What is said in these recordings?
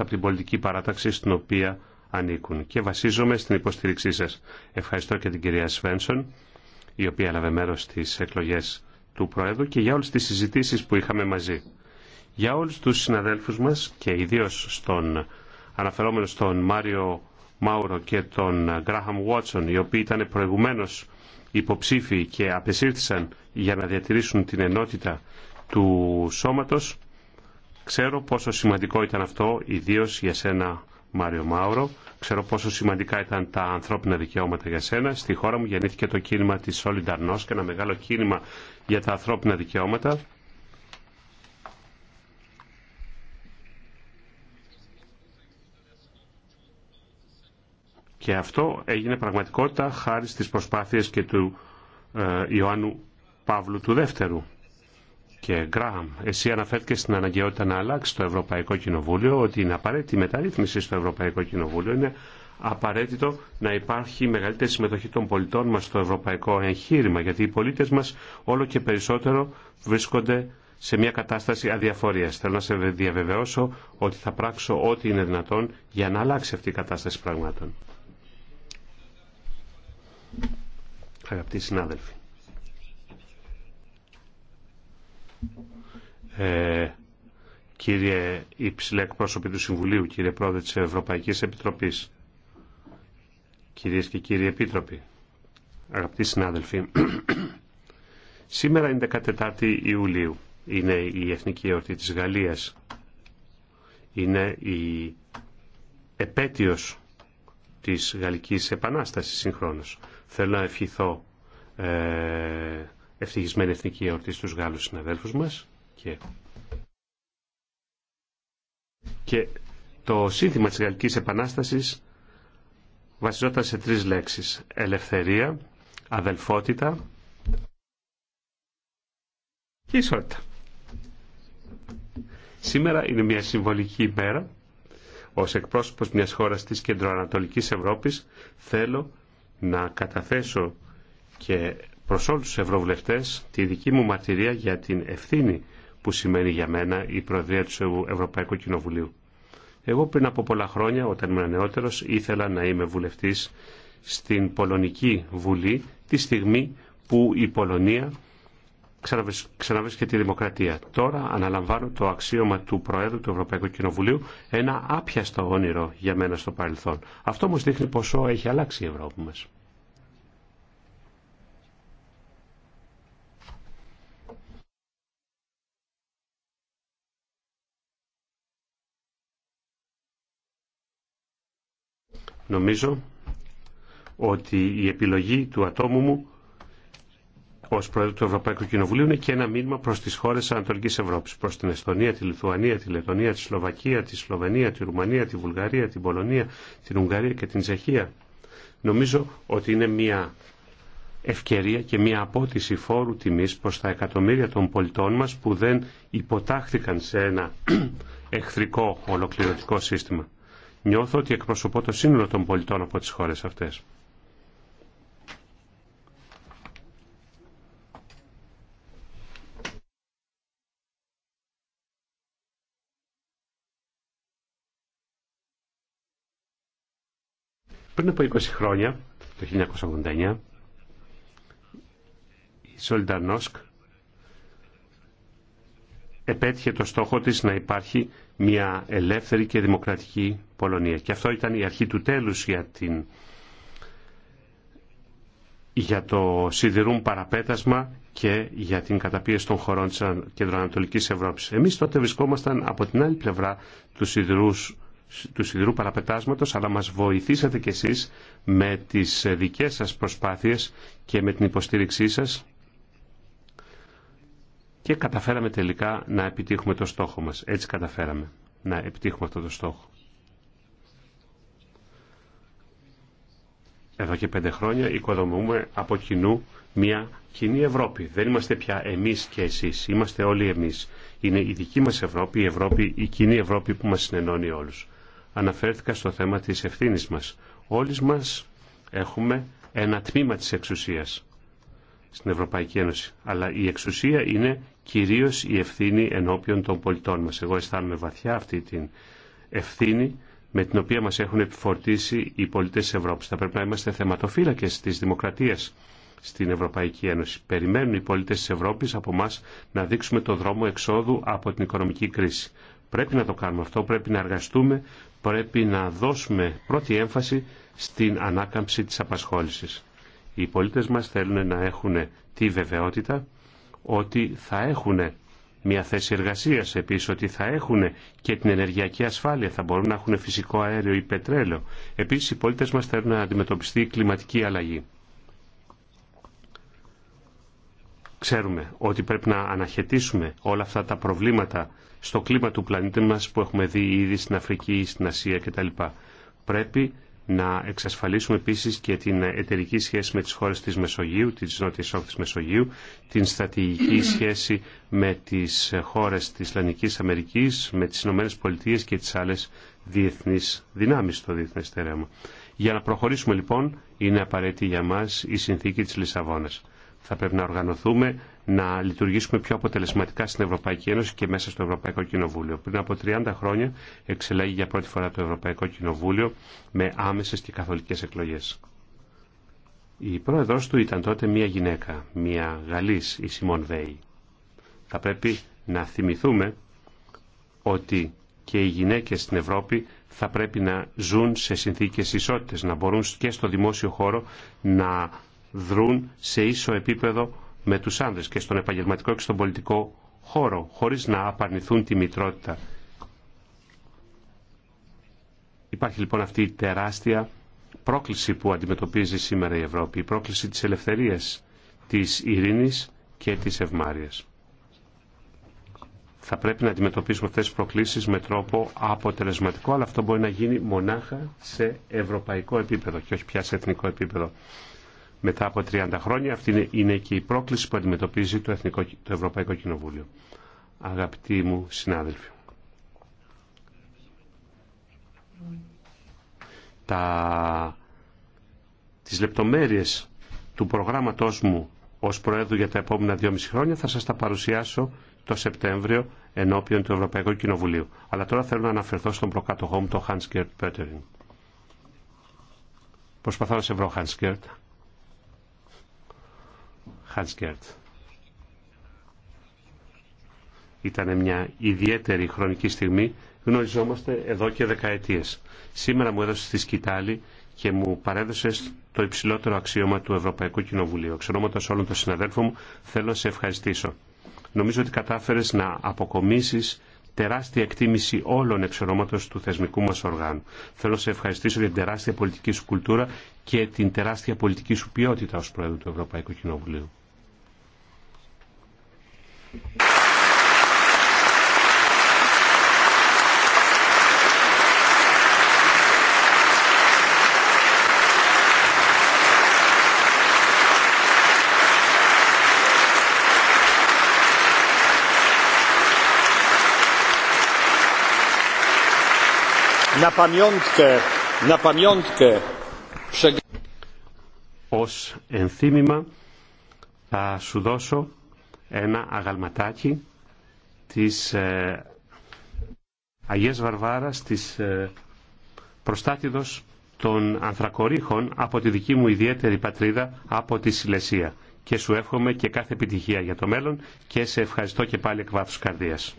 από την πολιτική παράταξη στην οποία ανήκουν και βασίζομαι στην υποστήριξή σας. Ευχαριστώ και την κυρία Σβένσον, η οποία έλαβε μέρος στις εκλογές του Προέδρου και για όλες τις συζητήσεις που είχαμε μαζί. Για όλους τους συναδέλφους μας και ιδίως στον αναφερόμενο στον Μάριο Μάουρο και τον Γκράχαμ Βότσον, οι οποίοι ήταν προηγουμένως υποψήφοι και απεσύρθησαν για να διατηρήσουν την ενότητα του σώματος, Ξέρω πόσο σημαντικό ήταν αυτό, ιδίω για σένα Μάριο Μάουρο. Ξέρω πόσο σημαντικά ήταν τα ανθρώπινα δικαιώματα για σένα. Στη χώρα μου γεννήθηκε το κίνημα της και ένα μεγάλο κίνημα για τα ανθρώπινα δικαιώματα. Και αυτό έγινε πραγματικότητα χάρη στις προσπάθειες και του ε, Ιωάννου Παύλου του Δεύτερου. Και Γκράμ, εσύ αναφέρθηκε στην αναγκαιότητα να αλλάξει το Ευρωπαϊκό Κοινοβούλιο, ότι είναι απαραίτητη η μεταρρύθμιση στο Ευρωπαϊκό Κοινοβούλιο. Είναι απαραίτητο να υπάρχει μεγαλύτερη συμμετοχή των πολιτών μας στο ευρωπαϊκό εγχείρημα, γιατί οι πολίτες μας όλο και περισσότερο βρίσκονται σε μια κατάσταση αδιαφορία. Θέλω να σε διαβεβαιώσω ότι θα πράξω ό,τι είναι δυνατόν για να αλλάξει αυτή η κατάσταση πραγμάτων. Αγαπητοί συνάδελφοι. Ε, κύριε υψηλέ εκπρόσωποι του Συμβουλίου, κύριε Πρόεδρε της Ευρωπαϊκής Επιτροπής, κυρίες και κύριοι Επίτροποι, αγαπητοί συνάδελφοι, σήμερα είναι 14η Ιουλίου, είναι η Εθνική Εορτή της Γαλλίας, είναι η επέτειος της Γαλλικής Επανάστασης συγχρόνως. Θέλω να ευχηθώ ε, ευτυχισμένη εθνική εορτή στους Γάλλους συναδέλφους μας και, και το σύνθημα της Γαλλικής Επανάστασης βασιζόταν σε τρεις λέξεις. Ελευθερία, αδελφότητα και ισότητα. Σήμερα είναι μια συμβολική ημέρα. Ως εκπρόσωπος μιας χώρας της Κεντροανατολικής Ευρώπης θέλω να καταθέσω και προς όλους τους ευρωβουλευτές τη δική μου μαρτυρία για την ευθύνη που σημαίνει για μένα η Προεδρία του Ευρωπαϊκού Κοινοβουλίου. Εγώ πριν από πολλά χρόνια, όταν ήμουν νεότερο ήθελα να είμαι βουλευτή στην Πολωνική Βουλή τη στιγμή που η Πολωνία ξαναβρίσκεται τη δημοκρατία. Τώρα αναλαμβάνω το αξίωμα του Προέδρου του Ευρωπαϊκού Κοινοβουλίου, ένα άπιαστο όνειρο για μένα στο παρελθόν. Αυτό όμω δείχνει πόσο έχει αλλάξει η Ευρώπη μας. Νομίζω ότι η επιλογή του ατόμου μου ω πρόεδρο του Ευρωπαϊκού Κοινοβουλίου είναι και ένα μήνυμα προ τι χώρε τη Ανατολική Ευρώπη. Προ την Εστονία, τη Λιθουανία, τη Λετωνία, τη Σλοβακία, τη Σλοβενία, τη Ρουμανία, τη Βουλγαρία, την Πολωνία, την Ουγγαρία και την Τσεχία. Νομίζω ότι είναι μια ευκαιρία και μια απότηση φόρου τιμή προ τα εκατομμύρια των πολιτών μα που δεν υποτάχθηκαν σε ένα εχθρικό ολοκληρωτικό σύστημα. Νιώθω ότι εκπροσωπώ το σύνολο των πολιτών από τις χώρες αυτές. Πριν από 20 χρόνια, το 1989, η Σολντανόσκ επέτυχε το στόχο της να υπάρχει μια ελεύθερη και δημοκρατική Πολωνία. Και αυτό ήταν η αρχή του τέλους για, την... για το σιδηρούν παραπέτασμα και για την καταπίεση των χωρών της Κεντροανατολικής Ευρώπης. Εμείς τότε βρισκόμασταν από την άλλη πλευρά του σιδηρούς του σιδηρού παραπετάσματος, αλλά μας βοηθήσατε κι εσείς με τις δικές σας προσπάθειες και με την υποστήριξή σας και καταφέραμε τελικά να επιτύχουμε το στόχο μας. Έτσι καταφέραμε να επιτύχουμε αυτό το στόχο. Εδώ και πέντε χρόνια οικοδομούμε από κοινού μια κοινή Ευρώπη. Δεν είμαστε πια εμείς και εσείς, είμαστε όλοι εμείς. Είναι η δική μας Ευρώπη, η, Ευρώπη, η κοινή Ευρώπη που μας συνενώνει όλους. Αναφέρθηκα στο θέμα της ευθύνης μας. Όλοι μας έχουμε ένα τμήμα της εξουσίας στην Ευρωπαϊκή Ένωση. Αλλά η εξουσία είναι κυρίως η ευθύνη ενώπιον των πολιτών μας. Εγώ αισθάνομαι βαθιά αυτή την ευθύνη με την οποία μας έχουν επιφορτήσει οι πολίτες της Ευρώπης. Θα πρέπει να είμαστε θεματοφύλακες της δημοκρατίας στην Ευρωπαϊκή Ένωση. Περιμένουν οι πολίτες της Ευρώπης από εμά να δείξουμε τον δρόμο εξόδου από την οικονομική κρίση. Πρέπει να το κάνουμε αυτό, πρέπει να εργαστούμε, πρέπει να δώσουμε πρώτη έμφαση στην ανάκαμψη της απασχόλησης. Οι πολίτες μας θέλουν να έχουν τη βεβαιότητα ότι θα έχουν μια θέση εργασίας επίσης, ότι θα έχουν και την ενεργειακή ασφάλεια, θα μπορούν να έχουν φυσικό αέριο ή πετρέλαιο. Επίσης οι πολίτες μας θέλουν να αντιμετωπιστεί η κλιματική αλλαγή. Ξέρουμε ότι πρέπει να αναχαιτήσουμε όλα αυτά τα προβλήματα στο κλίμα του πλανήτη μας που έχουμε δει ήδη στην Αφρική, στην Ασία κτλ. Πρέπει να εξασφαλίσουμε επίση και την εταιρική σχέση με τις χώρες της Μεσογείου, τη νότια Όχθη Μεσογείου, την στρατηγική σχέση με τις χώρες της Λανική Αμερικής, με τις Ηνωμένε Πολιτείε και τις άλλες διεθνεί δυνάμεις στο Διεθνέ τερέμα. Για να προχωρήσουμε λοιπόν είναι απαραίτητη για μας η συνθήκη τη Λισαβόνα. Θα πρέπει να οργανωθούμε, να λειτουργήσουμε πιο αποτελεσματικά στην Ευρωπαϊκή Ένωση και μέσα στο Ευρωπαϊκό Κοινοβούλιο. Πριν από 30 χρόνια εξελέγει για πρώτη φορά το Ευρωπαϊκό Κοινοβούλιο με άμεσες και καθολικές εκλογές. Η πρόεδρος του ήταν τότε μία γυναίκα, μία Γαλλής, η Σιμών Βέη. Θα πρέπει να θυμηθούμε ότι και οι γυναίκες στην Ευρώπη θα πρέπει να ζουν σε συνθήκες ισότητες, να μπορούν και στο δημόσιο χώρο να δρούν σε ίσο επίπεδο με τους άνδρες και στον επαγγελματικό και στον πολιτικό χώρο, χωρίς να απαρνηθούν τη μητρότητα. Υπάρχει λοιπόν αυτή η τεράστια πρόκληση που αντιμετωπίζει σήμερα η Ευρώπη, η πρόκληση της ελευθερίας, της ειρήνης και της ευμάρειας. Θα πρέπει να αντιμετωπίσουμε αυτές τις προκλήσεις με τρόπο αποτελεσματικό, αλλά αυτό μπορεί να γίνει μονάχα σε ευρωπαϊκό επίπεδο και όχι πια σε εθνικό επίπεδο μετά από 30 χρόνια. Αυτή είναι και η πρόκληση που αντιμετωπίζει το, Εθνικό, το Ευρωπαϊκό Κοινοβούλιο. Αγαπητοί μου συνάδελφοι. Τα... Τις λεπτομέρειες του προγράμματός μου ως Προέδρου για τα επόμενα 2.5 χρόνια θα σας τα παρουσιάσω το Σεπτέμβριο ενώπιον του Ευρωπαϊκού Κοινοβουλίου. Αλλά τώρα θέλω να αναφερθώ στον προκάτοχό μου, τον Hans Gert Pöttering. Προσπαθώ να σε βρω, Hans Gert, ήταν μια ιδιαίτερη χρονική στιγμή. Γνωριζόμαστε εδώ και δεκαετίες. Σήμερα μου έδωσε τη σκητάλη και μου παρέδωσε το υψηλότερο αξίωμα του Ευρωπαϊκού Κοινοβουλίου. Εξ όλων των συναδέλφων μου θέλω να σε ευχαριστήσω. Νομίζω ότι κατάφερε να αποκομίσει τεράστια εκτίμηση όλων εξ του θεσμικού μα οργάνου. Θέλω να σε ευχαριστήσω για την τεράστια πολιτική σου κουλτούρα και την τεράστια πολιτική σου ποιότητα ω Πρόεδρο του Ευρωπαϊκού Κοινοβουλίου. Na pamiątkę, na pamiątkę. Ως ενθύμημα θα σου ένα αγαλματάκι της ε, Αγίας Βαρβάρας, της ε, προστάτηδος των ανθρακορίχων από τη δική μου ιδιαίτερη πατρίδα, από τη Σιλεσία. Και σου εύχομαι και κάθε επιτυχία για το μέλλον και σε ευχαριστώ και πάλι εκ βάθους καρδίας.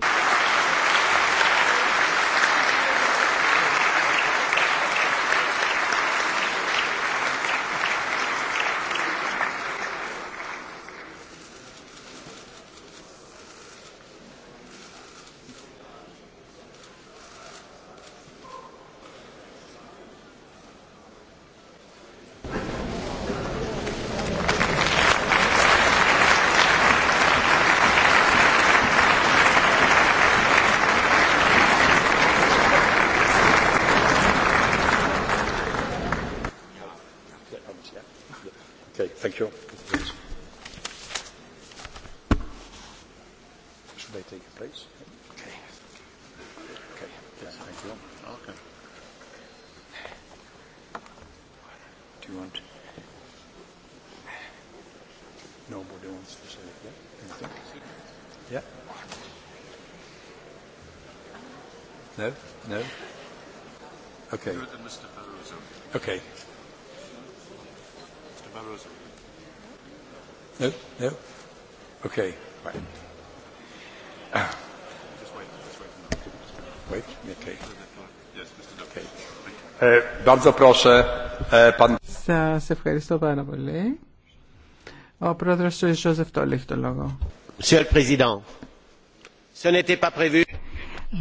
Okay. Σας ευχαριστώ πάρα πολύ. Ο πρόεδρος του Ιωσέφ Τόλ το λόγο. Président, ce n'était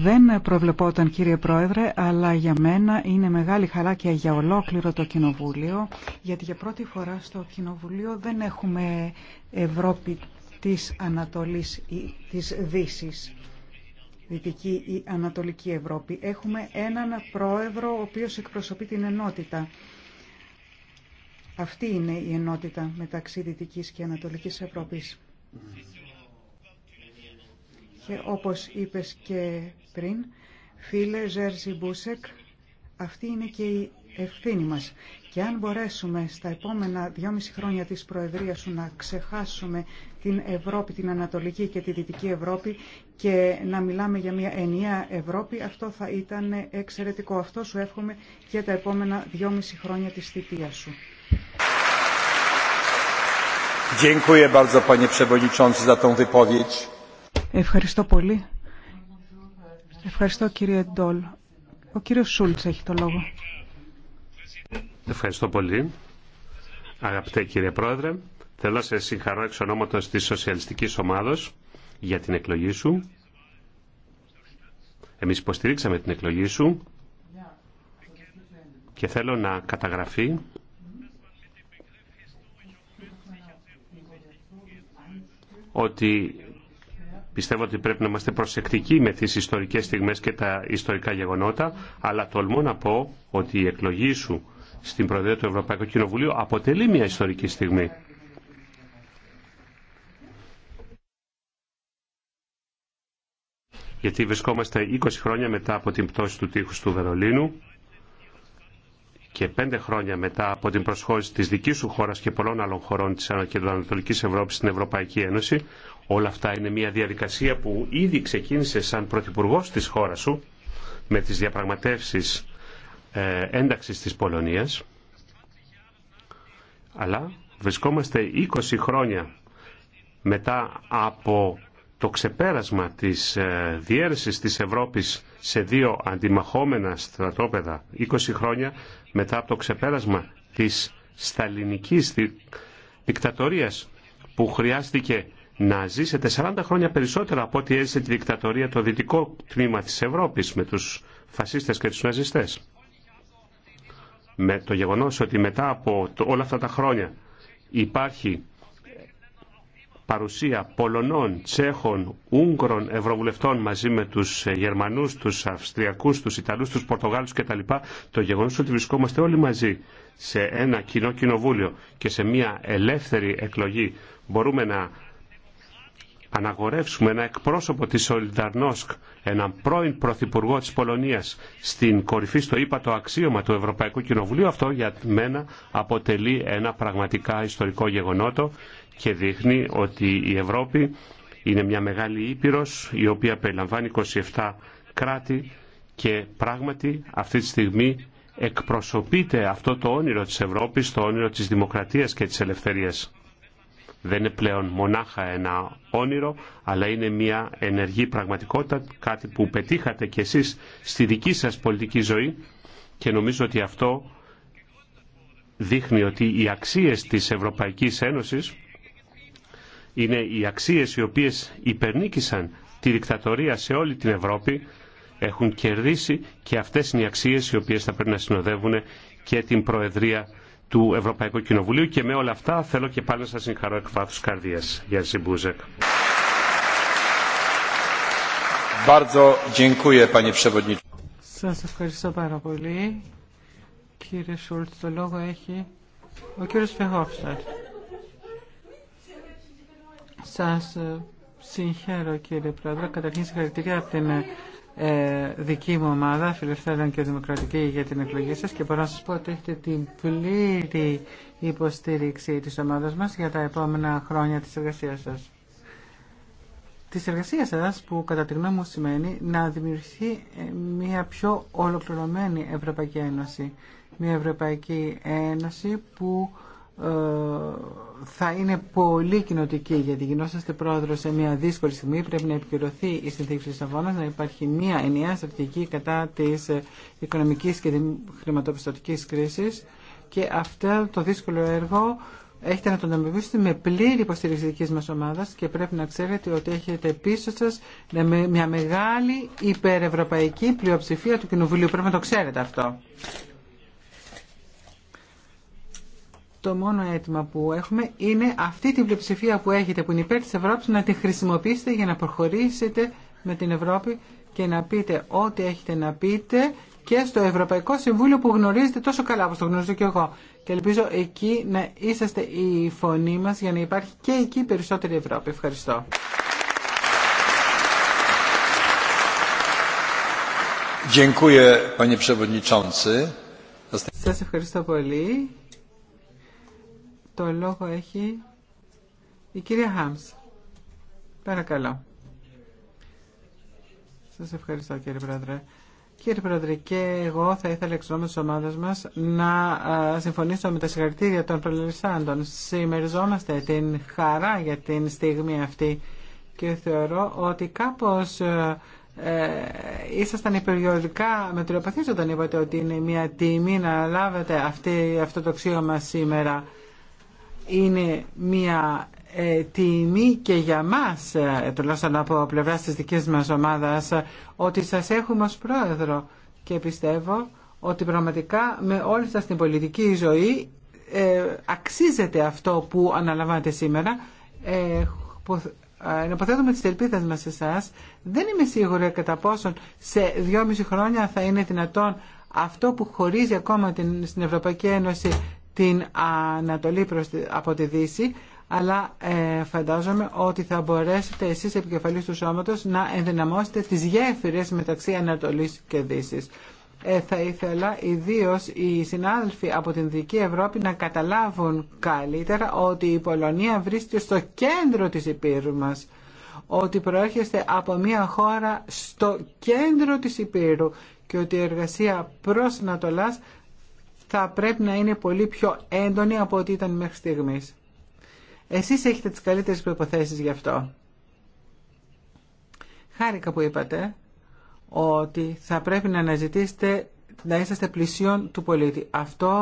δεν προβλεπόταν κύριε Πρόεδρε, αλλά για μένα είναι μεγάλη χαρά και για ολόκληρο το Κοινοβούλιο, γιατί για πρώτη φορά στο Κοινοβουλίο δεν έχουμε Ευρώπη της Ανατολής ή της Δύσης, Δυτική ή Ανατολική Ευρώπη. Έχουμε έναν Πρόεδρο ο οποίος εκπροσωπεί την ενότητα. Αυτή είναι η ενότητα μεταξύ Δυτικής και Ανατολικής Ευρώπης. Και όπως είπες και πριν, φίλε Ζέρζι Μπούσεκ, αυτή είναι και η ευθύνη μας. Και αν μπορέσουμε στα επόμενα δυόμιση χρόνια της Προεδρίας σου να ξεχάσουμε την Ευρώπη, την Ανατολική και τη Δυτική Ευρώπη και να μιλάμε για μια ενιαία Ευρώπη, αυτό θα ήταν εξαιρετικό. Αυτό σου εύχομαι και τα επόμενα δυόμιση χρόνια της θητείας σου. Ευχαριστώ πολύ. Ευχαριστώ κύριε Ντόλ. Ο κύριος Σούλτς έχει το λόγο. Ευχαριστώ πολύ. Αγαπητέ κύριε Πρόεδρε, θέλω να σε συγχαρώ εξ ονόματος της Σοσιαλιστικής Ομάδος για την εκλογή σου. Εμείς υποστηρίξαμε την εκλογή σου και θέλω να καταγραφεί ότι Πιστεύω ότι πρέπει να είμαστε προσεκτικοί με τις ιστορικές στιγμές και τα ιστορικά γεγονότα, αλλά τολμώ να πω ότι η εκλογή σου στην Προεδρία του Ευρωπαϊκού Κοινοβουλίου αποτελεί μια ιστορική στιγμή. Γιατί βρισκόμαστε 20 χρόνια μετά από την πτώση του τείχους του Βερολίνου και πέντε χρόνια μετά από την προσχώρηση της δικής σου χώρας και πολλών άλλων χωρών της Ανατολικής Ευρώπης στην Ευρωπαϊκή Ένωση, όλα αυτά είναι μια διαδικασία που ήδη ξεκίνησε σαν πρωθυπουργό της χώρας σου με τις διαπραγματεύσεις ε, ένταξης της Πολωνίας. Αλλά βρισκόμαστε 20 χρόνια μετά από το ξεπέρασμα της ε, διέρεσης της Ευρώπης σε δύο αντιμαχόμενα στρατόπεδα 20 χρόνια μετά από το ξεπέρασμα της σταλινικής δικτατορίας που χρειάστηκε να ζήσετε 40 χρόνια περισσότερα από ό,τι έζησε τη δικτατορία το δυτικό τμήμα της Ευρώπης με τους φασίστες και τους ναζιστές. Με το γεγονός ότι μετά από όλα αυτά τα χρόνια υπάρχει παρουσία Πολωνών, Τσέχων, Ούγγρων Ευρωβουλευτών μαζί με τους ε, Γερμανούς, τους Αυστριακούς, τους Ιταλούς, τους Πορτογάλους κτλ. Το γεγονός ότι βρισκόμαστε όλοι μαζί σε ένα κοινό κοινοβούλιο και σε μια ελεύθερη εκλογή μπορούμε να αναγορεύσουμε ένα εκπρόσωπο της Σολινταρνόσκ, έναν πρώην Πρωθυπουργό της Πολωνίας, στην κορυφή στο ύπατο αξίωμα του Ευρωπαϊκού Κοινοβουλίου, αυτό για μένα αποτελεί ένα πραγματικά ιστορικό γεγονότο και δείχνει ότι η Ευρώπη είναι μια μεγάλη ήπειρος η οποία περιλαμβάνει 27 κράτη και πράγματι αυτή τη στιγμή εκπροσωπείται αυτό το όνειρο της Ευρώπης, το όνειρο της δημοκρατίας και της ελευθερίας. Δεν είναι πλέον μονάχα ένα όνειρο, αλλά είναι μια ενεργή πραγματικότητα, κάτι που πετύχατε κι εσείς στη δική σας πολιτική ζωή και νομίζω ότι αυτό δείχνει ότι οι αξίες της Ευρωπαϊκής Ένωσης είναι οι αξίες οι οποίες υπερνίκησαν τη δικτατορία σε όλη την Ευρώπη έχουν κερδίσει και αυτές είναι οι αξίες οι οποίες θα πρέπει να συνοδεύουν και την Προεδρία του Ευρωπαϊκού Κοινοβουλίου και με όλα αυτά θέλω και πάλι να σας συγχαρώ εκ βάθους καρδίας. Γιάννη Σιμπούζεκ. Σας ευχαριστώ πάρα πολύ. Κύριε Σούλτ, το λόγο έχει ο κύριος σας ε, συγχαίρω κύριε Πρόεδρε. Καταρχήν συγχαρητήρια από την ε, δική μου ομάδα, Φιλελευθέρων και Δημοκρατική, για την εκλογή σας και μπορώ να σας πω ότι έχετε την πλήρη υποστήριξη της ομάδας μας για τα επόμενα χρόνια της εργασίας σας. Της εργασίας σας που κατά τη γνώμη μου σημαίνει να δημιουργηθεί ε, μια πιο ολοκληρωμένη Ευρωπαϊκή Ένωση. Μια Ευρωπαϊκή Ένωση που ε, θα είναι πολύ κοινοτική γιατί γινόσαστε πρόεδρο σε μια δύσκολη στιγμή. Πρέπει να επικυρωθεί η συνθήκη τη Λισαβόνα, να υπάρχει μια ενιαία στρατηγική κατά τη ε, οικονομική και χρηματοπιστωτική κρίση. Και αυτό το δύσκολο έργο έχετε να τον αντιμετωπίσετε με πλήρη υποστήριξη δική μα ομάδα και πρέπει να ξέρετε ότι έχετε πίσω σα μια μεγάλη υπερευρωπαϊκή πλειοψηφία του Κοινοβουλίου. Πρέπει να το ξέρετε αυτό. το μόνο αίτημα που έχουμε είναι αυτή την πλειοψηφία που έχετε, που είναι υπέρ της Ευρώπης, να τη χρησιμοποιήσετε για να προχωρήσετε με την Ευρώπη και να πείτε ό,τι έχετε να πείτε και στο Ευρωπαϊκό Συμβούλιο που γνωρίζετε τόσο καλά όπως το γνωρίζω και εγώ. Και ελπίζω εκεί να είσαστε η φωνή μας για να υπάρχει και εκεί περισσότερη Ευρώπη. Ευχαριστώ. Σας ευχαριστώ πολύ. Το λόγο έχει η κυρία Χάμς. Παρακαλώ. Σας ευχαριστώ κύριε Πρόεδρε. Κύριε Πρόεδρε, και εγώ θα ήθελα εξ νόμου τη ομάδα μα να συμφωνήσω με τα συγχαρητήρια των προληψάντων. Σημεριζόμαστε την χαρά για την στιγμή αυτή και θεωρώ ότι κάπω ε, ήσασταν περιοδικά τριοπαθή όταν είπατε ότι είναι μια τιμή να λάβετε αυτή, αυτό το αξίωμα σήμερα είναι μια ε, τιμή και για μας, ε, τουλάχιστον από πλευρά της δικής μας ομάδας, ε, ότι σας έχουμε ως πρόεδρο και πιστεύω ότι πραγματικά με όλη σας την πολιτική ζωή αξίζεται αυτό που αναλαμβάνετε σήμερα. Ε, που, ε, υποθέτουμε τις ελπίδες μας σε εσάς. Δεν είμαι σίγουρη κατά πόσον σε δυόμιση χρόνια θα είναι δυνατόν αυτό που χωρίζει ακόμα την, στην Ευρωπαϊκή Ένωση την Ανατολή από τη Δύση, αλλά ε, φαντάζομαι ότι θα μπορέσετε εσείς επικεφαλής του σώματος να ενδυναμώσετε τις γέφυρες μεταξύ Ανατολής και Δύσης. Ε, θα ήθελα ιδίω οι συνάδελφοι από την Δυτική Ευρώπη να καταλάβουν καλύτερα ότι η Πολωνία βρίσκεται στο κέντρο της Επίρου μας ότι προέρχεστε από μια χώρα στο κέντρο της Επίρου και ότι η εργασία προς Ανατολάς θα πρέπει να είναι πολύ πιο έντονη από ό,τι ήταν μέχρι στιγμής. Εσείς έχετε τις καλύτερες προϋποθέσεις γι' αυτό. Χάρηκα που είπατε ότι θα πρέπει να αναζητήσετε να είσαστε πλησίον του πολίτη. Αυτό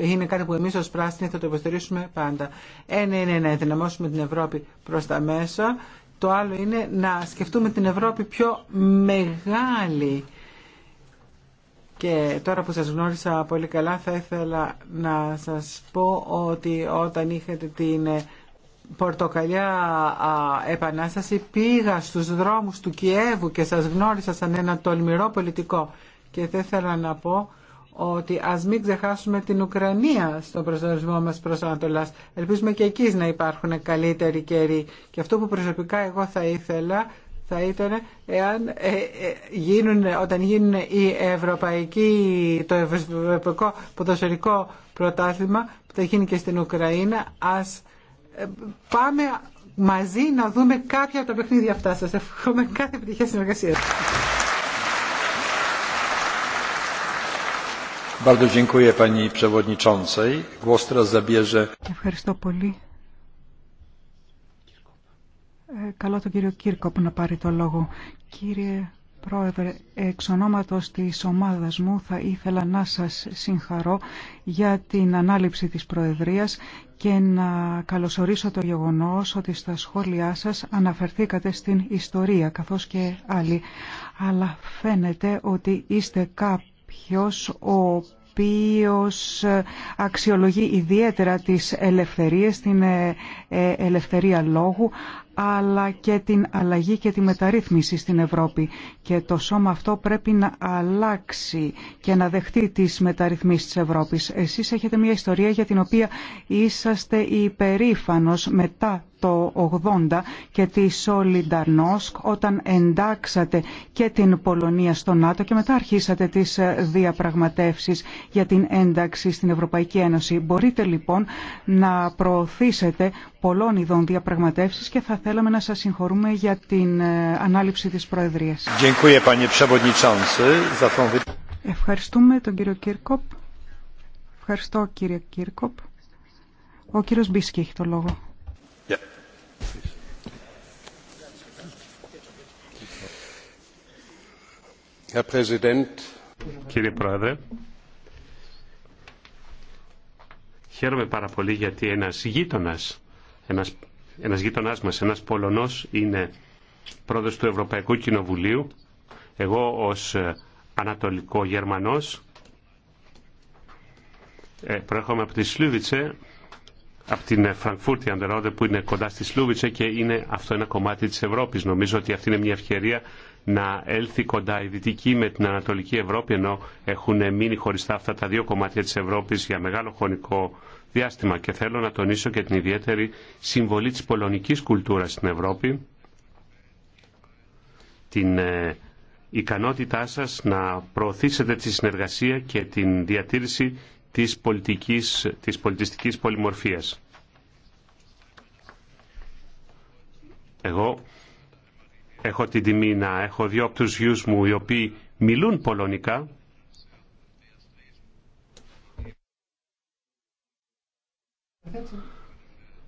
είναι κάτι που εμείς ως πράσινοι θα το υποστηρίσουμε πάντα. Ένα είναι να ενδυναμώσουμε την Ευρώπη προς τα μέσα, το άλλο είναι να σκεφτούμε την Ευρώπη πιο μεγάλη και τώρα που σας γνώρισα πολύ καλά θα ήθελα να σας πω ότι όταν είχατε την πορτοκαλιά επανάσταση πήγα στους δρόμους του Κιέβου και σας γνώρισα σαν ένα τολμηρό πολιτικό. Και θα ήθελα να πω ότι ας μην ξεχάσουμε την Ουκρανία στον προσδορισμό μας προς Ανατολάς. Ελπίζουμε και εκεί να υπάρχουν καλύτεροι καιροί. Και αυτό που προσωπικά εγώ θα ήθελα θα ήταν εάν ε, ε, γίνουν, όταν γίνουν η ευρωπαϊκή το ευρωπαϊκό ποδοσφαιρικό πρωτάθλημα που θα γίνει και στην Ουκραίνα, ας ε, πάμε μαζί να δούμε κάποια από τα παιχνίδια αυτά. Σας Ευχαριστούμε κάθε επιτυχία συνεργασία. Ευχαριστώ πολύ. Ε, Καλώ τον κύριο που να πάρει το λόγο. Κύριε Πρόεδρε, εξ ονόματος της ομάδας μου θα ήθελα να σας συγχαρώ για την ανάληψη της Προεδρίας και να καλωσορίσω το γεγονός ότι στα σχόλιά σας αναφερθήκατε στην ιστορία καθώς και άλλοι. Αλλά φαίνεται ότι είστε κάποιος ο οποίος αξιολογεί ιδιαίτερα τις ελευθερίες, την ε, ε, ελευθερία λόγου, αλλά και την αλλαγή και τη μεταρρύθμιση στην Ευρώπη. Και το σώμα αυτό πρέπει να αλλάξει και να δεχτεί τις μεταρρυθμίσεις της Ευρώπης. Εσείς έχετε μια ιστορία για την οποία είσαστε υπερήφανος μετά το 80 και τη Solidarnosc όταν εντάξατε και την Πολωνία στο ΝΑΤΟ και μετά αρχίσατε τις διαπραγματεύσεις για την ένταξη στην Ευρωπαϊκή Ένωση. Μπορείτε λοιπόν να προωθήσετε πολλών ειδών διαπραγματεύσεις και θα θέλαμε να σας συγχωρούμε για την ε, ανάληψη της Προεδρίας. Ευχαριστούμε τον κύριο Κίρκοπ. Ευχαριστώ κύριε Κίρκοπ. Ο κύριος Μπίσκι έχει το λόγο. Κύριε Πρόεδρε, χαίρομαι πάρα πολύ γιατί ένας γείτονας, ένας ένας γείτονάς μας, ένας Πολωνός, είναι πρόεδρος του Ευρωπαϊκού Κοινοβουλίου. Εγώ ως ε, Ανατολικό Γερμανός ε, προέρχομαι από τη Σλούβιτσε, από την ε, Φραγκφούρτη Αντερόδε που είναι κοντά στη Σλούβιτσε και είναι αυτό ένα κομμάτι της Ευρώπης. Νομίζω ότι αυτή είναι μια ευκαιρία να έλθει κοντά η Δυτική με την Ανατολική Ευρώπη ενώ έχουν μείνει χωριστά αυτά τα δύο κομμάτια της Ευρώπης για μεγάλο χρονικό διάστημα και θέλω να τονίσω και την ιδιαίτερη συμβολή της πολωνικής κουλτούρας στην Ευρώπη, την ε, ικανότητά σας να προωθήσετε τη συνεργασία και την διατήρηση της, πολιτικής, της πολιτιστικής πολυμορφίας. Εγώ έχω την τιμή να έχω δύο από τους γιους μου οι οποίοι μιλούν πολωνικά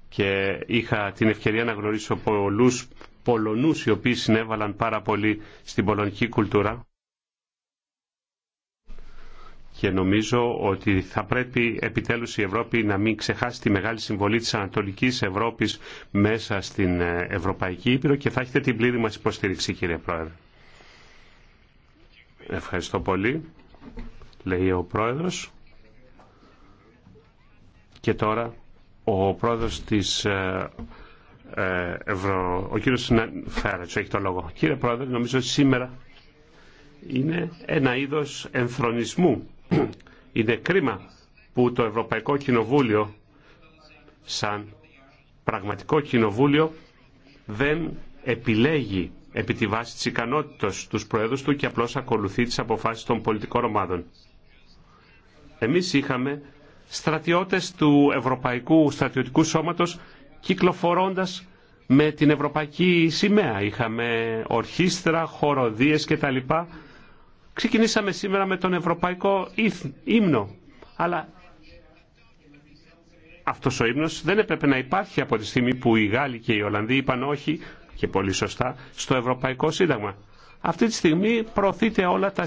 και είχα την ευκαιρία να γνωρίσω πολλούς Πολωνούς οι οποίοι συνέβαλαν πάρα πολύ στην πολωνική κουλτούρα και νομίζω ότι θα πρέπει επιτέλους η Ευρώπη να μην ξεχάσει τη μεγάλη συμβολή της Ανατολικής Ευρώπης μέσα στην ε, Ευρωπαϊκή Ήπειρο και θα έχετε την πλήρη μας υποστήριξη κύριε Πρόεδρε. Ευχαριστώ πολύ, λέει ο Πρόεδρος. Και τώρα ο πρόεδρος της ε, ε, Ευρω... Ο κύριος έχει το λόγο. Κύριε πρόεδρε, νομίζω σήμερα είναι ένα είδος ενθρονισμού. Είναι κρίμα που το Ευρωπαϊκό Κοινοβούλιο σαν πραγματικό κοινοβούλιο δεν επιλέγει επί τη βάση της ικανότητας τους προέδρους του και απλώς ακολουθεί τις αποφάσεις των πολιτικών ομάδων. Εμείς είχαμε στρατιώτες του Ευρωπαϊκού Στρατιωτικού Σώματος κυκλοφορώντας με την Ευρωπαϊκή Σημαία. Είχαμε ορχήστρα, χοροδίες κτλ. Ξεκινήσαμε σήμερα με τον Ευρωπαϊκό Ύμνο. Αλλά αυτός ο ύμνος δεν έπρεπε να υπάρχει από τη στιγμή που οι Γάλλοι και οι Ολλανδοί είπαν όχι, και πολύ σωστά, στο Ευρωπαϊκό Σύνταγμα. Αυτή τη στιγμή προωθείται όλα τα,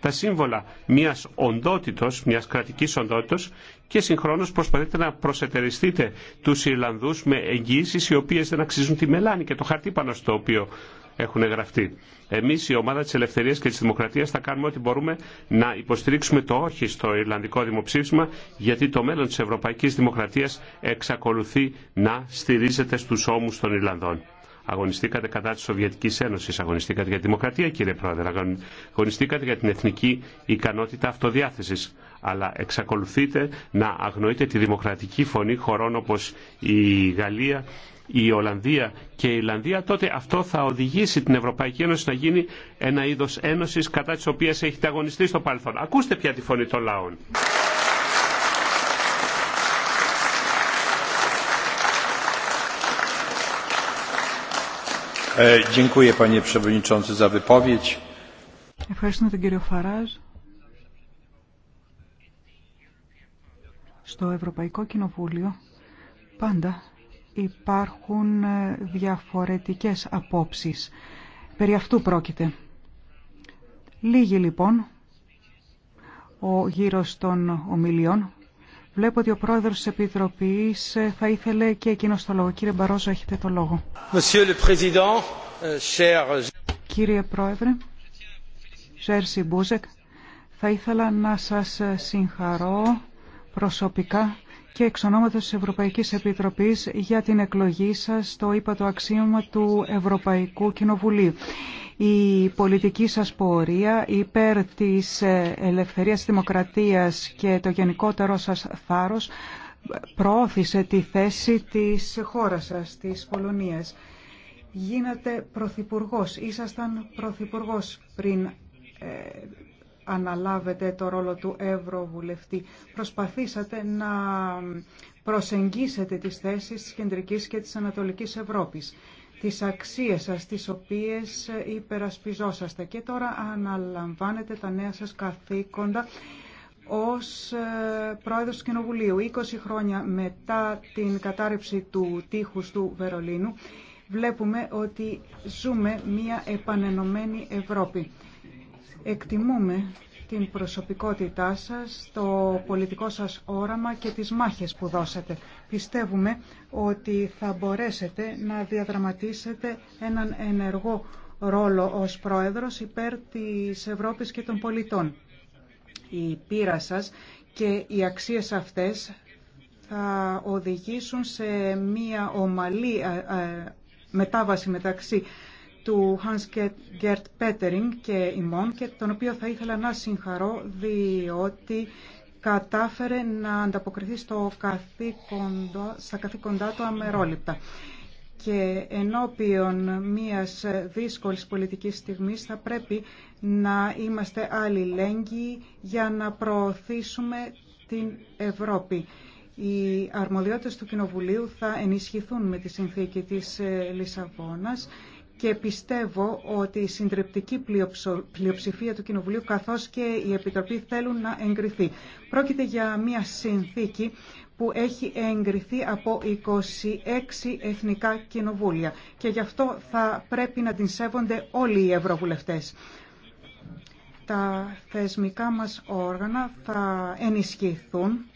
τα σύμβολα μιας οντότητος, μιας κρατικής οντότητος και συγχρόνως προσπαθείτε να προσετεριστείτε τους Ιρλανδούς με εγγύησεις οι οποίες δεν αξίζουν τη μελάνη και το χαρτί πάνω στο οποίο έχουν γραφτεί. Εμεί, η ομάδα τη Ελευθερία και τη Δημοκρατία, θα κάνουμε ό,τι μπορούμε να υποστηρίξουμε το όχι στο Ιρλανδικό δημοψήφισμα, γιατί το μέλλον τη Ευρωπαϊκή Δημοκρατία εξακολουθεί να στηρίζεται στου ώμου των Ιρλανδών. Αγωνιστήκατε κατά τη Σοβιετική Ένωση, αγωνιστήκατε για τη δημοκρατία, κύριε Πρόεδρε, αγωνιστήκατε για την εθνική ικανότητα αυτοδιάθεση. Αλλά εξακολουθείτε να αγνοείτε τη δημοκρατική φωνή χωρών όπω η Γαλλία, η Ολλανδία και η Ιρλανδία, τότε αυτό θα οδηγήσει την Ευρωπαϊκή Ένωση να γίνει ένα είδο ένωση κατά τη οποία έχετε αγωνιστεί στο παρελθόν. Ακούστε πια τη φωνή των λαών. Ε, Ευχαριστούμε τον κύριο Φαράζ. Στο Ευρωπαϊκό Κοινοβούλιο πάντα υπάρχουν ε, διαφορετικές απόψεις. Περί αυτού πρόκειται. Λίγοι λοιπόν ο γύρος των ομιλιών Βλέπω ότι ο πρόεδρος της Επιτροπής ε, θα ήθελε και εκείνος το λόγο. Κύριε Μπαρόζο, έχετε το λόγο. Ε, Κύριε Πρόεδρε, Ζέρσι Μπούζεκ, θα ήθελα να σας ε, συγχαρώ προσωπικά και εξ ονόματος της Ευρωπαϊκής Επιτροπής για την εκλογή σας στο ύπατο αξίωμα του Ευρωπαϊκού Κοινοβουλίου η πολιτική σας πορεία υπέρ της ε, ελευθερίας δημοκρατίας και το γενικότερο σας θάρρος προώθησε τη θέση της χώρας σας, της Πολωνίας. Γίνατε πρωθυπουργός, ήσασταν πρωθυπουργός πριν ε, αναλάβετε το ρόλο του Ευρωβουλευτή. Προσπαθήσατε να προσεγγίσετε τις θέσεις της Κεντρικής και της Ανατολικής Ευρώπης τις αξίες σας, τις οποίες υπερασπιζόσαστε. Και τώρα αναλαμβάνετε τα νέα σας καθήκοντα ως ε, πρόεδρος του Κοινοβουλίου. 20 χρόνια μετά την κατάρρευση του τείχους του Βερολίνου, βλέπουμε ότι ζούμε μια επανενωμένη Ευρώπη. Εκτιμούμε την προσωπικότητά σας, το πολιτικό σας όραμα και τις μάχες που δώσατε. Πιστεύουμε ότι θα μπορέσετε να διαδραματίσετε έναν ενεργό ρόλο ως πρόεδρος υπέρ της Ευρώπης και των πολιτών. Η πείρα σας και οι αξίες αυτές θα οδηγήσουν σε μία ομαλή ε, ε, μετάβαση μεταξύ του Hans Gert Petering και ημών και τον οποίο θα ήθελα να συγχαρώ διότι κατάφερε να ανταποκριθεί στο καθήκοντα, στα καθήκοντά του αμερόληπτα. Και ενώπιον μιας δύσκολης πολιτικής στιγμής θα πρέπει να είμαστε αλληλέγγυοι για να προωθήσουμε την Ευρώπη. Οι αρμοδιότητες του Κοινοβουλίου θα ενισχυθούν με τη συνθήκη της Λισαβόνας και πιστεύω ότι η συντριπτική πλειοψηφία του Κοινοβουλίου καθώς και η Επιτροπή θέλουν να εγκριθεί. Πρόκειται για μια συνθήκη που έχει εγκριθεί από 26 εθνικά κοινοβούλια και γι' αυτό θα πρέπει να την σέβονται όλοι οι ευρωβουλευτές. Τα θεσμικά μας όργανα θα ενισχυθούν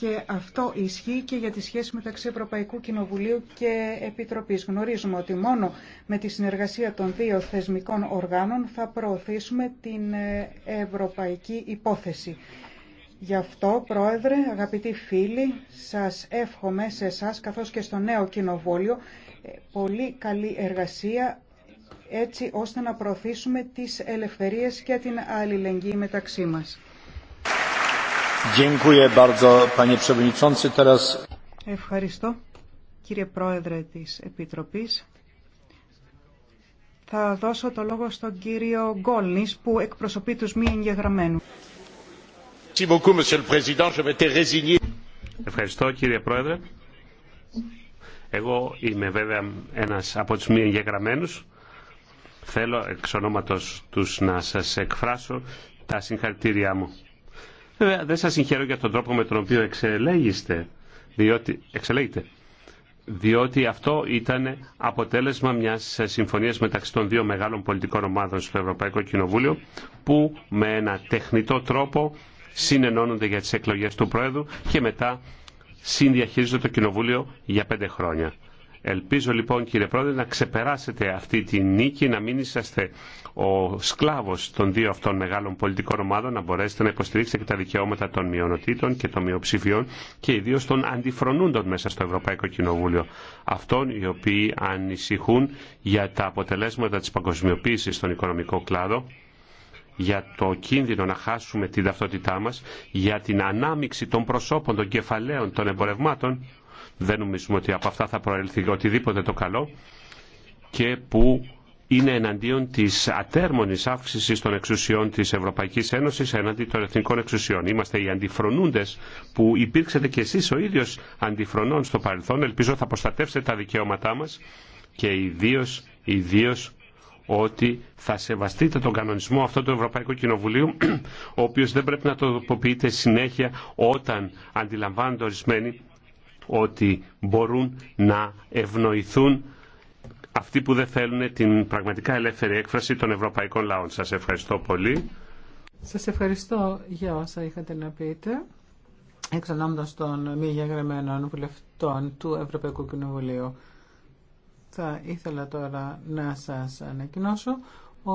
και αυτό ισχύει και για τη σχέση μεταξύ Ευρωπαϊκού Κοινοβουλίου και Επιτροπής. Γνωρίζουμε ότι μόνο με τη συνεργασία των δύο θεσμικών οργάνων θα προωθήσουμε την ε, ευρωπαϊκή υπόθεση. Γι' αυτό, Πρόεδρε, αγαπητοί φίλοι, σας εύχομαι σε εσά καθώς και στο νέο κοινοβούλιο ε, πολύ καλή εργασία έτσι ώστε να προωθήσουμε τις ελευθερίες και την αλληλεγγύη μεταξύ μας. Ευχαριστώ κύριε Πρόεδρε της Επιτροπής. Θα δώσω το λόγο στον κύριο Γκόλνης που εκπροσωπεί τους μη εγγεγραμμένου. Ευχαριστώ κύριε Πρόεδρε. Εγώ είμαι βέβαια ένας από τους μη εγγεγραμμένους. Θέλω εξ ονόματος τους να σας εκφράσω τα συγχαρητήριά μου Βέβαια δεν σας συγχαίρω για τον τρόπο με τον οποίο εξελέγεστε, διότι, εξελέγετε, διότι αυτό ήταν αποτέλεσμα μιας συμφωνίας μεταξύ των δύο μεγάλων πολιτικών ομάδων στο Ευρωπαϊκό Κοινοβούλιο που με ένα τεχνητό τρόπο συνενώνονται για τις εκλογές του Πρόεδρου και μετά συνδιαχειρίζονται το Κοινοβούλιο για πέντε χρόνια. Ελπίζω λοιπόν κύριε Πρόεδρε να ξεπεράσετε αυτή τη νίκη, να μην είσαστε ο σκλάβος των δύο αυτών μεγάλων πολιτικών ομάδων, να μπορέσετε να υποστηρίξετε και τα δικαιώματα των μειονοτήτων και των μειοψηφιών και ιδίως των αντιφρονούντων μέσα στο Ευρωπαϊκό Κοινοβούλιο. Αυτών οι οποίοι ανησυχούν για τα αποτελέσματα της παγκοσμιοποίησης στον οικονομικό κλάδο για το κίνδυνο να χάσουμε την ταυτότητά μας, για την ανάμιξη των προσώπων, των κεφαλαίων, των εμπορευμάτων δεν νομίζουμε ότι από αυτά θα προέλθει οτιδήποτε το καλό και που είναι εναντίον της ατέρμονης αύξησης των εξουσιών της Ευρωπαϊκής Ένωσης εναντί των εθνικών εξουσιών. Είμαστε οι αντιφρονούντες που υπήρξετε και εσείς ο ίδιος αντιφρονών στο παρελθόν. Ελπίζω θα προστατεύσετε τα δικαιώματά μας και ιδίως, ιδίως ότι θα σεβαστείτε τον κανονισμό αυτό του Ευρωπαϊκού Κοινοβουλίου, ο οποίος δεν πρέπει να το τοποποιείτε συνέχεια όταν αντιλαμβάνονται ορισμένοι ότι μπορούν να ευνοηθούν αυτοί που δεν θέλουν την πραγματικά ελεύθερη έκφραση των ευρωπαϊκών λαών. Σας ευχαριστώ πολύ. Σας ευχαριστώ για όσα είχατε να πείτε. Εξ τον των μη γεγραμμένων βουλευτών του Ευρωπαϊκού Κοινοβουλίου. Θα ήθελα τώρα να σας ανακοινώσω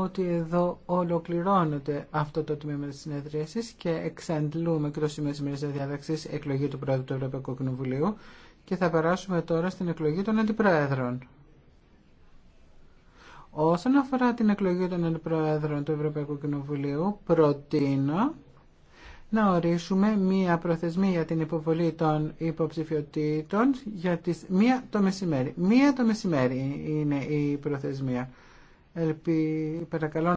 ότι εδώ ολοκληρώνεται αυτό το τμήμα της συνεδρίασης και εξαντλούμε και το σημείο της διάταξης εκλογή του Πρόεδρου του Ευρωπαϊκού Κοινοβουλίου και θα περάσουμε τώρα στην εκλογή των αντιπρόεδρων. Όσον αφορά την εκλογή των αντιπρόεδρων του Ευρωπαϊκού Κοινοβουλίου, προτείνω να ορίσουμε μία προθεσμία για την υποβολή των υποψηφιωτήτων για τις μία το μεσημέρι. Μία το μεσημέρι είναι η προθεσμία. Ελπι... περακαλώ